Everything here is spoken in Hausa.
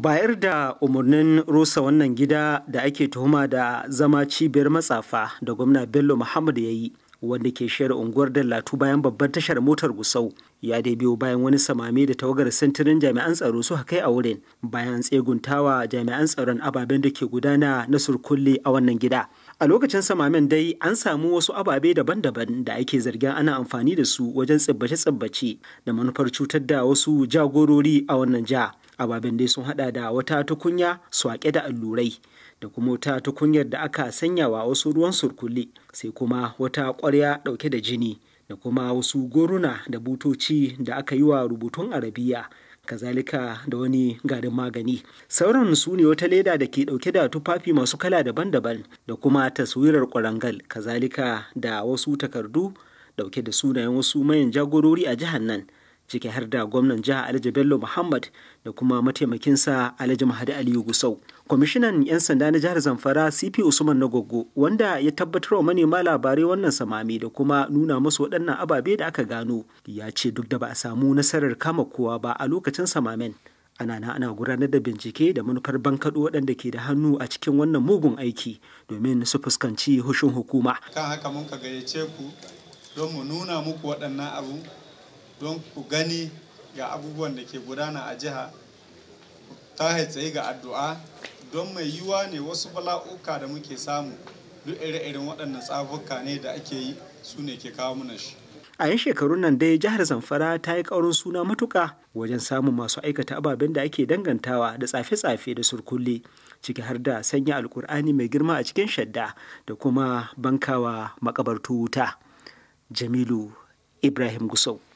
bayar da umarnin rusa wannan gida da ake tuhuma da zama cibiyar matsafa da gwamna bello muhammad ya yi wanda ke shayar unguwar dallatu bayan babbar tashar motar gusau ya dai biyo bayan wani samame da tawagar sintirin jami'an tsaro su kai a wurin bayan tseguntawa jami'an tsaron ababen da ke gudana na surkulle a wannan gida a lokacin samamen dai an samu wasu ababe daban-daban da ake zargin ana amfani da su wajen tsibbace-tsibbace da manufar cutar da wasu jagorori a wannan jiha ababen dai sun hada da wata tukunya wake da allurai da kuma wata tukunyar da aka sanya wa wasu ruwan surkulle sai kuma wata ƙwarya ɗauke da jini da kuma wasu goruna da butoci da aka yi wa rubutun arabiya kazalika da wani garin magani sauran su ne wata leda da ke dauke da tufafi masu kala daban-daban da kuma taswirar kwarangal kazalika da wasu takardu dauke da sunayen wasu mayan jagorori a jihar nan ciki har da gwamnan jiha alhaji bello muhammad da kuma mataimakinsa alhaji mahadi aliyu gusau kwamishinan 'yan sanda na jihar zamfara cp usman nagogo wanda ya tabbatar wa manema labarai wannan samami da kuma nuna musu waɗannan ababe da aka gano ya ce duk da ba a samu nasarar kama kowa ba a lokacin samamen ana na ana gudanar da bincike da manufar bankaɗo waɗanda ke da hannu a cikin wannan mugun aiki domin su fuskanci hushin hukuma kan haka mun ka gayyace ku don mu nuna muku waɗannan abu don ku gani ga abubuwan da ke gudana a jiha ta tsaye ga addu'a don mai yiwuwa ne wasu bala'uka da muke samu duk ire-iren waɗannan tsafuka ne da ake yi su ne ke kawo mana shi a yan shekarun nan dai jihar zamfara ta yi ƙaurin suna matuka wajen samun masu aikata ababen da ake dangantawa da tsafe-tsafe da surkulle ciki har da sanya alkur'ani mai girma a cikin shadda da kuma bankawa makabartu wuta jamilu ibrahim gusau